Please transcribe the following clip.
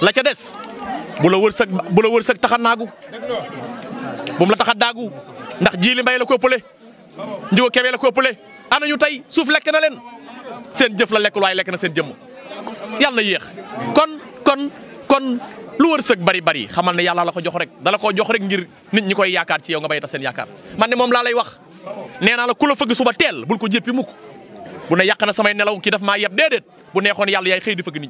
la ca des bu la wërsëg bu la wërsëg tax a naagu bu la tax a daagu ndax jiili mbay la ko ëppale njugo kebe la ko ëppale ana ñu tey suuf lekk na leen seen jëf la lekkul waaye lekk na seen jëmm yàlla na kon kon kon lu wërsëg bari bari xamal ne la ko jox rek dala koo jox rek ngir nit ñi koy yaakaar ci yow nga bay ta seen yaakaar man ne moom laa lay wax nee naa la ku la fëgg suba teel bul ko jéppi mukk bu ne yàq na samay nelaw kii daf maa yeb déedéet bu neexoon yàlla yaay xëy di fëgg nit